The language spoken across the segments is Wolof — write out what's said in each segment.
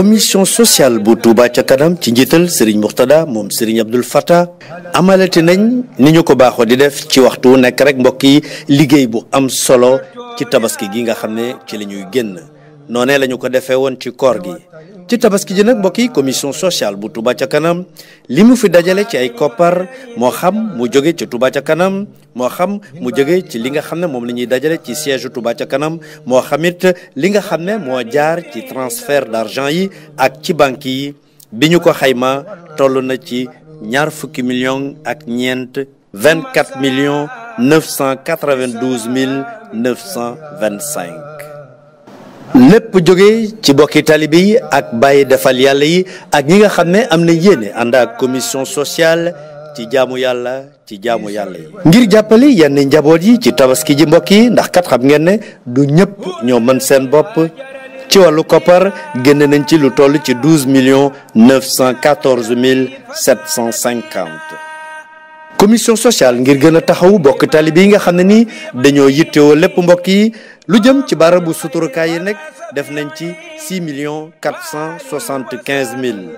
commission sociale bu Touba ca kanam ci njiital Serigne Mourtada moom Serigne Abdul Fata amalati nañ ni ñu ko baaxoo di def ci waxtu wu nekk rek mbokk yi liggéey bu am solo ci tabaski gi nga xam ne ci la ñuy génn noonee la ñu ko defee woon ci koor gi ci tabaski ji nag mbokk yi commission sociale bu Touba ca kanam li mu fi dajale ci ay koppar moo xam mu jóge ci Touba ca kanam moo xam mu jóge ci li nga xam ne moom la ñuy dajale ci siège Touba ca kanam moo xamit li nga xam ne moo jaar ci transfert d'argent yi ak ci banque yi bi ñu ko xayma toll na ci ñaar fukki millions ak ñeent 24 millions 992 mille 925 lépp jóge ci bokki taalibe yi ak bàyyi defal yàlla yi ak ñi nga xam ne am na yéene ànd ak commission sociale ci jaamu yàlla ci jaamu yàlla yi. ngir jàppale yenn njaboot yi ci tabaski ji mbokk yi ndax kat xam ngeen ne du ñëpp ñoo mën seen bopp ci wàllu koppar génne nañ ci lu toll ci douze millions neuf cent mille sept cent cinquante. commission sociale ngir gën a taxaw bokk taalibe yi nga xam ne nii dañoo yittewoo lépp mbokk yi. lu jëm ci barabu suturukaay yi nag def nañ ci six millions quatre cent soixante quinze mille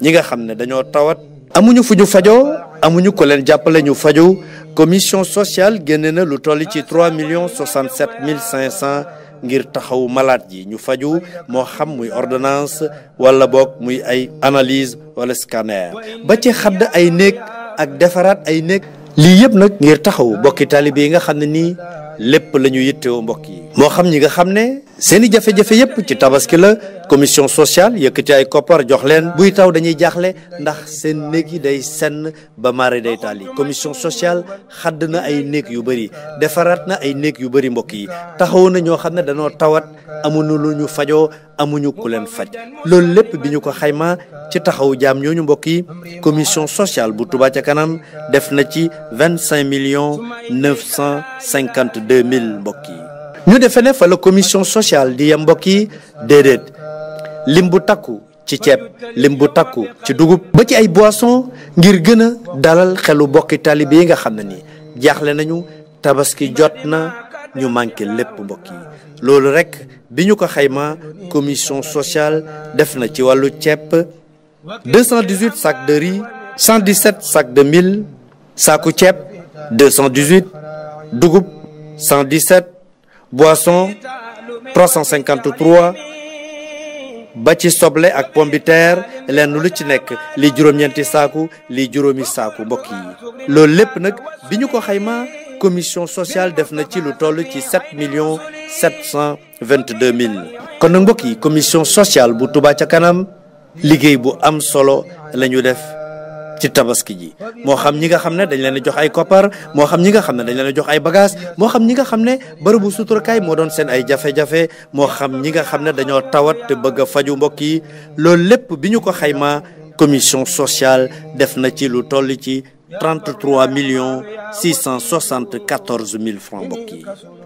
ñi nga xam ne dañoo tawat. amuñu fu ñu fajoo amuñu ko leen jàppale ñu faju commission sociale génne na lu tolli ci trois millions soixante sept cinq cent ngir taxawu malaat yi ñu faju moo xam muy ordonnance wala bokk muy ay analyse wala scanner ba ci xadd ay néeg ak defaraat ay néeg. lii yëpp nag ngir taxawu bokki taalibe yi nga xam ne nii lépp la ñu yittewoo mbokk yi moo xam ñi nga xam ne seeni jafe-jafe yépp ci tabaski la commission sociale yëkkati ay koppar jox leen buy taw dañuy jaaxle ndax seen néeg yi day senn ba mare day taal yi commission sociale xadd na ay néeg yu bëri defaraat na ay néeg yu bëri mbokk yi taxaw na ñoo xam ne dañoo tawat amuñu lu ñu fajoo amuñu ku leen faj loolu lépp bi ñu ko xayma ci taxawu jaam ñooñu mbokk yi commission sociale bu Touba ca kanam def na ci vingt cinq millions neuf cent cinquante deux mille mbokk yi ñu defe ne fa la commission sociale di yem mbokk déedéet lim bu takku ci ceeb lim bu takku ci dugub ba ci ay boisson ngir gën a dalal xelu bokki taalibe yi nga xam ne ni jaaxle nañu tabaski jot na ñu manqué lépp mbokk yi loolu rekk bi ñu ko xayma commission sociale def na ci wàllu ceeb 218 sacs de riz 117 sacs de mil saaku ceeb 218 dugub 117 boisson 353 ba ci soble ak pomme de terre lenn lu ci nekk lii juróom-ñeenti saaku lii juróomi saaku mbokk yi loolu lépp nag bi ñu ko xayma commission sociale def na ci lu toll ci 7 millions 722 mille kon nag mbokk yi commission sociale bu Touba ca kanam liggéey bu am solo la ñu def ci tabaski ji moo xam ñi nga xam ne dañ leen a jox ay koppar moo xam ñi nga xam ne dañ leen jox ay bagage moo xam ñi nga xam ne bërëbu suturkaay moo doon seen ay jafe-jafe moo xam ñi nga xam ne dañoo tawat te bëgg a faju mbokk yi loolu lépp bi ñu ko xayma commission sociale def na ci lu toll ci 33 millions 674 mille francs mbokk yi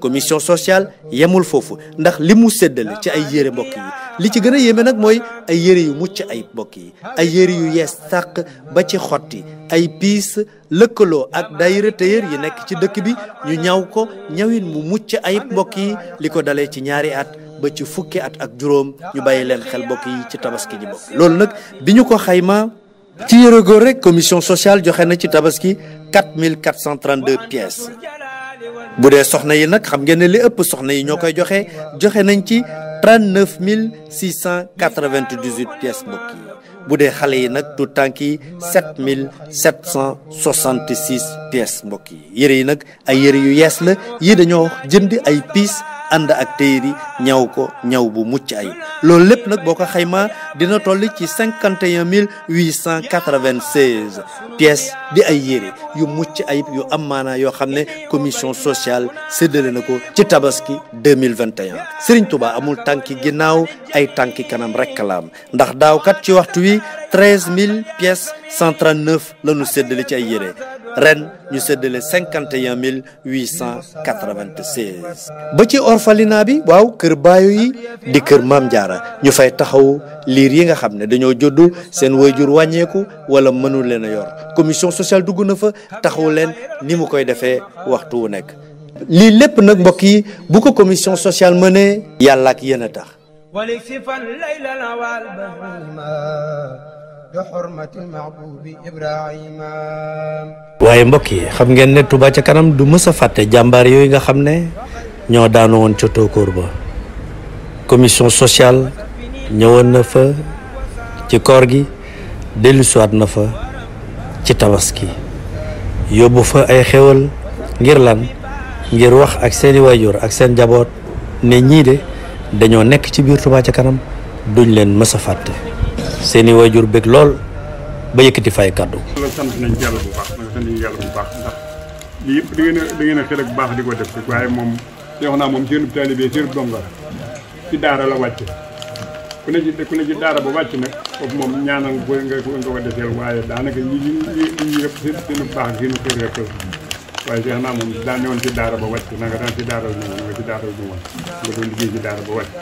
commission sociale yemul foofu ndax li mu séddale ci ay yére mbokk yi li ci gën a yéeme nag mooy ay yére yu mucc ay mbokk yi ay yére yu yees sàq ba ci xotti ay piis lëkkaloo ak daayira tailleur yi nekk ci dëkk bi ñu ñaw ko ñawin mu mucc ayib mbokk yi li ko dalee ci ñaari at ba ci fukki at ak juróom ñu bàyyi leen xel mbokk yi ci tabaski ji mbokk loolu nag bi ñu ko xayma ci yëre góor rek commission sociale joxe na ci tabaski 4432 pièces bu dee soxna yi nag xam ngeen ne li ëpp soxna yi ñoo koy joxe joxe nañ ci 39698 pièces mbokk yi bu dee xale yi nag tout tànk yi 7766 pièces mbokk yi yëre yi nag ay yëre yu yees la yii dañoo jënd ay piis ànd ak téeri ñaw ko ñaw bu mucc ayib loolu lépp nag boo ko xaymaa dina toll ci cinquante et mille huit cent quatre-vingt-seize pièces di ay yére yu mucc ayib yu am maanaa yoo xam ne commission sociale séddale na ko ci tabaski deux mille vingt et amul tànki ginnaaw ay tànki kanam rekk ndax daaw kat ci waxtu wi treize mille pièces cent trente-neuf la séddale ci ay yére. ren ñu séddale cinquante et mille huit cent quatre-vingt-seize ba ci orphelinat bi waaw kër baayo yi di kër maam jaara ñu fay taxaw liir yi nga xam ne dañoo juddu seen wayjur wàññeeku wala mënul leen a yor commission sociale dugg na fa taxaw leen ni mu koy defee waxtu wu nekk lii lépp nag mbokk yi bu ko commission sociale mënee yàlla ak yéen a tax waaye mbokk yi xam ngeen ne Touba ca kanam du mës a fàtte jàmbaar yooyu nga xam ne ñoo daanu woon ca tóokóor ba commission sociale ñëwoon na fa ci koor gi dellusiwaat na fa ci tabaski yóbbu fa ay xewal ngir lan ngir wax ak seeni waajur ak seen jaboot ne ñii de dañoo nekk ci biir Touba ca kanam duñ leen mës a fàtte seeni waajur bëgg lool ba yëkkati fay kàddu. la sant nañ ci yàlla bu baax nag sant nañ yàlla bu baax ndax lii yëpp da ngeen a da baax di ko def rek waaye moom yow naa moom seen taalibe seen dongo la ci daara la wàcce ku ne ci ku ci daara ba wàcc nag foofu moom ñaanal nga nga ko defeel waaye daanaka ñi ñi ñi baax seen xel rek ci daara ba wàcc na nga daan ci daara la newoon nga ci daara la newoon nga doon liggéey ci daara ba wàcc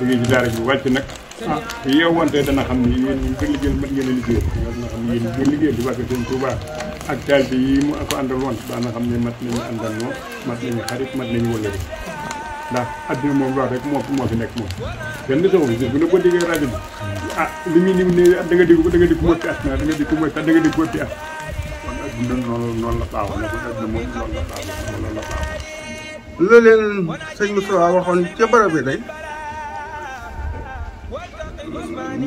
liggéey ci daara bi wàcc nag ah yeewante dana xam ni yéen ñi ko liggéeyal mën ngeen a liggéey dana xam ni yéen ñi ko liggéeyal di wàcc seen Tuubaa ak taalibe yi mu ko àndal daana xam ne mat nañu àndal nañu xarit mat nañu wëllëri ndax adduna moom wax rek moo fi nekk moom kenn di soxla gis bu ne boo déggee rajo bi ah li muy ni ne da nga dégg da nga dégg moppi at da nga dégg moppi at da nga dégg moppi at kon adduna la baaxoo ne kon adduna moom noonu la baaxoo noonu la baaxoo. lu leen sëñ waxoon ca barab bi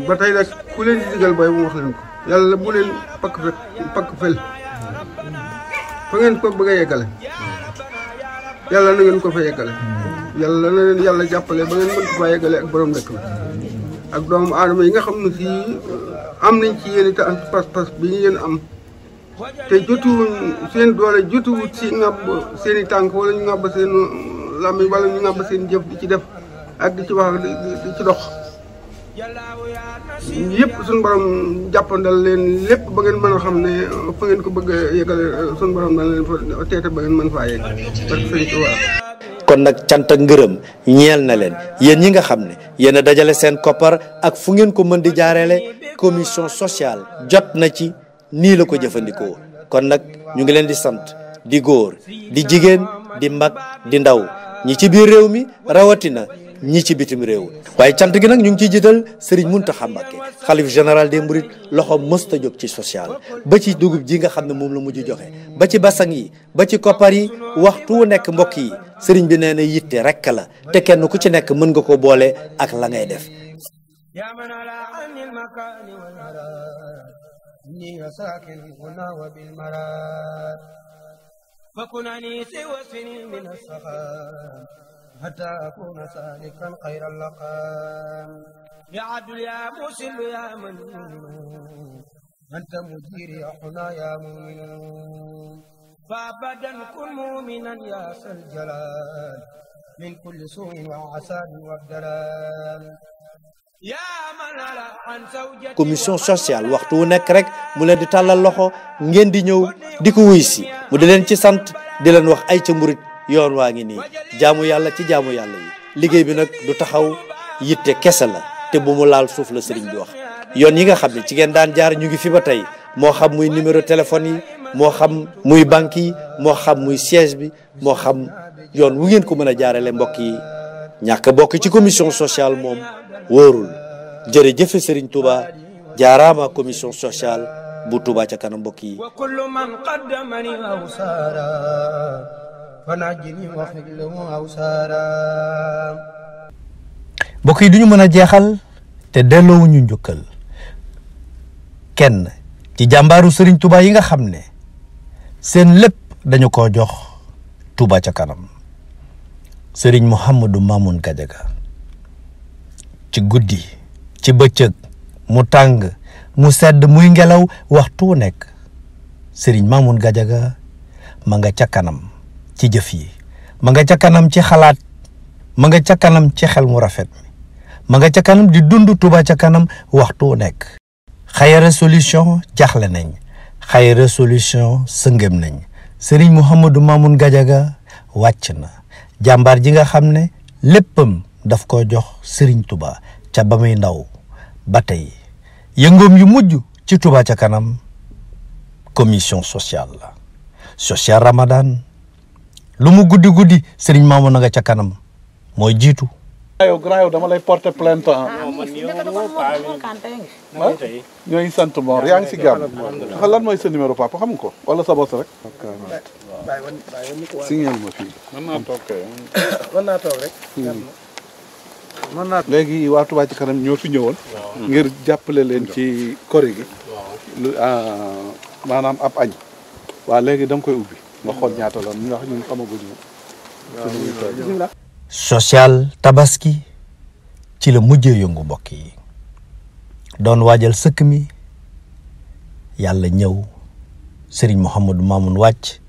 ba tey nag ku leen di digal booy bu wax leen ko yàlla bu leen pakk fe pakk fel fa ngeen ko bëgg a yeggale yàlla na ngeen ko fa yeggale yàlla na leen yàlla jàppale ba ngeen mën ko fa yeggale ak borom dëkk bi ak doomu aadama yi nga xam ne si uh, am nañ ci yéen te pas-pas bi ngeen am te jotuwuñ seen doole jotuwut si ŋàbb seen i tànk wala ñu ŋàbb seen uh, làmmiñ wala ñu ŋàbb seen jëf di ci def ak di ci wax di ci dox yëpp suñu borom jàppandal leen lépp ba ngeen mën a xam ne fa ngeen ko bëgg a yegale suñu borom leen fa teete ba ngeen mën faa yegg kon nag cant ak ngërëm ñeel na leen yéen ñi nga xam ne yéen a dajale seen koppar ak fu ngeen ko mën di jaareele commission sociale jot na ci nii la ko jëfandikoo kon nag ñu ngi leen di sant di góor di jigéen di mag di ndaw ñi ci biir réew mi rawatina ñi ci bitim réew waaye cant gi nag ñu ngi ciy sëriñ munta Mountakha Mbacké xalif général des Mourides loxo mës ta jóg ci social ba ci dugub ji nga xam ne moom la mujj joxe ba ci basang yi ba ci koppar yi waxtu nekk mbokk yi Serigne bi nee na yitte rek la te kenn ku ci nekk mën nga ko boole ak la def. حتى أكون سالكا خير اللقام يا عدل يا مسل يا من أنت مدير يا يا مؤمن فأبدا كن مؤمنا يا ذا الجلال من كل سوء وعسان والدلال commission sociale waxtu wu nekk rek mu leen di tàllal loxo ngeen di ñëw di ko wuy si mu di leen ci sant di leen wax ay ca murit yoon waa ngi nii jaamu yàlla ci jaamu yàlla yi liggéey bi nag du taxaw yitte kese la te bu mu laal suuf la sëriñ bi wax yoon yi nga xam ne ci ngeen daan jaar ñu ngi fi ba tey moo xam muy numéro téléphone yi moo xam muy banque yi moo xam muy siège bi moo xam yoon wu ngeen ko mën a jaarale mbokk yi ñàkk bokk ci commission sociale moom wóorul jërëjëfe sëriñ Touba jaaraama commission sociale bu Touba ca kanam mbokk yi wanajjini wa yi du ñu mën a jeexal te delloowu ñu njukkal kenn ci jàmbaaru Serigne Touba yi nga xam ne seen lépp dañu ko jox Touba ca kanam sëriñ mu Serigne du Mamoun Gadiaga ci guddi ci bëccëg mu tàng mu sedd muy ngelaw waxtu nekk Serigne Mamoun gajaga ma nga ca kanam ci jëf yi ma nga ca kanam ci xalaat ma nga ca kanam ci xel mu rafet mi ma nga ca kanam di dund tubaa ca kanam waxtu wu nekk Xayra Solution jaaxle nañ Xayra Solution sëngëm nañ mu xamadu Mamoun gajaga wàcc na jàmbaar ji nga xam ne léppam daf ko jox sëriñ tubaa ca ba muy ndaw ba tey yëngoom yu mujj ci Touba ca kanam commission sociale la social Ramadan lu mu guddi guddi sëriñ Mamoune na nga ca kanam mooy jiitu. yow grand dama lay porter plainte ah. Ah, ah. ñooy sant Mor yaa ngi si gàmm. xam lan mooy sa numéro papa xam nga ko wala sa bopp rek. signal ma fii. mën naa toog rek. mën naa hmm. léegi waa ci kanam ñoo fi ñëwoon. ngir jàppale leen ci kori gi. Ah, maanaam ab añ. waa léegi da nga koy ubbi. nga ñaata la ndax ñun social tabaski ci la mujjee yongu mbokk yi doon waajal sëkk mi yàlla ñëw Serigne Mouhamadou Mamoun wàcc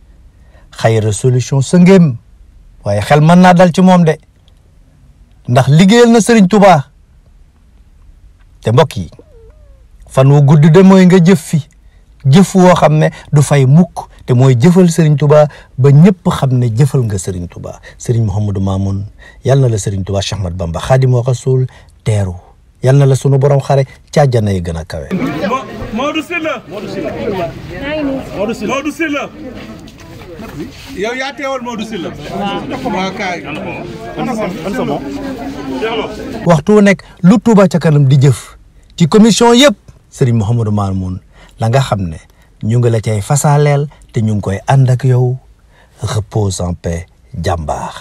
xayra solution sa ngéem waaye xel man naa dal ci moom de ndax liggéeyal na Serigne Touba te mbokk yi fan wu gudd de mooy nga jëf fi jëf woo xam ne du fay mukk te mooy jëfal Serigne Touba ba ñëpp xam ne jëfal nga Serigne Touba sëriñ Mouhamadou Mamoun yal na la Serigne Touba Cheikh Ahmad Bamba Xaadimu Rasuul teeru yal na la sunu borom xare càjjana yi gën a kawe. Modou waxtu wu nekk lu Touba ca kanam di jëf ci commission yëpp Serigne Mouhamadou Mamoun. la nga xam ne ñu ngi la cay fasaaleel te ñu ngi koy ànd ak yow repose en paix jàmbaar